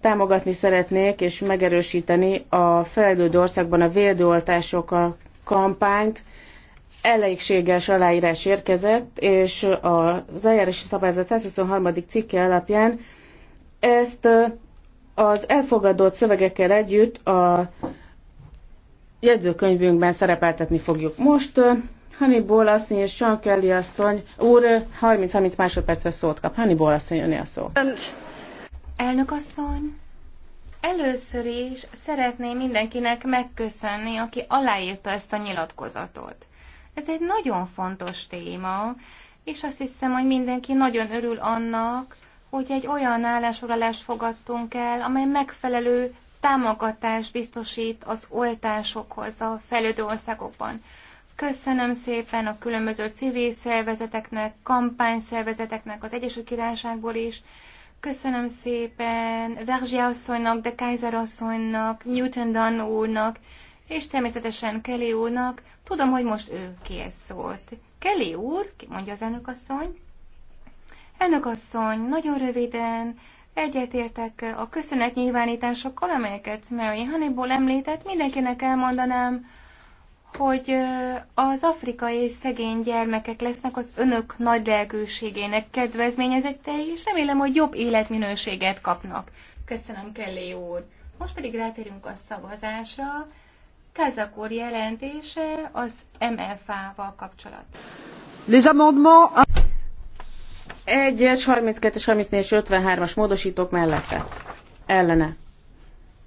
Támogatni szeretnék és megerősíteni a fejlődő országban a védőoltások a kampányt. Elégséges aláírás érkezett, és az eljárási szabályzat 123. cikke alapján ezt az elfogadott szövegekkel együtt a jegyzőkönyvünkben szerepeltetni fogjuk. Most Hannibal asszony és Sean Kelly asszony úr 30-30 másodpercre szót kap. Hannibal asszony, jönni a szó. And... Elnök asszony, először is szeretném mindenkinek megköszönni, aki aláírta ezt a nyilatkozatot. Ez egy nagyon fontos téma, és azt hiszem, hogy mindenki nagyon örül annak, hogy egy olyan állásfoglalást fogadtunk el, amely megfelelő támogatást biztosít az oltásokhoz a fejlődő országokban. Köszönöm szépen a különböző civil szervezeteknek, kampányszervezeteknek az Egyesült Királyságból is, Köszönöm szépen Verzsi asszonynak, de Kaiser asszonynak, Newton Dunn úrnak, és természetesen Kelly úrnak. Tudom, hogy most ő kész szólt. Kelly úr, ki mondja az Elnök asszony, nagyon röviden, egyetértek a köszönet nyilvánításokkal, amelyeket Mary Honeyból említett, mindenkinek elmondanám, hogy az afrikai szegény gyermekek lesznek az önök nagy lelkőségének kedvezményezettei, és remélem, hogy jobb életminőséget kapnak. Köszönöm, Kelly úr. Most pedig ráterünk a szavazásra. Kazak jelentése az MFA-val kapcsolat. Les amendements... 1-es, 32-es, 34-es, 53-as módosítók mellette. Ellene.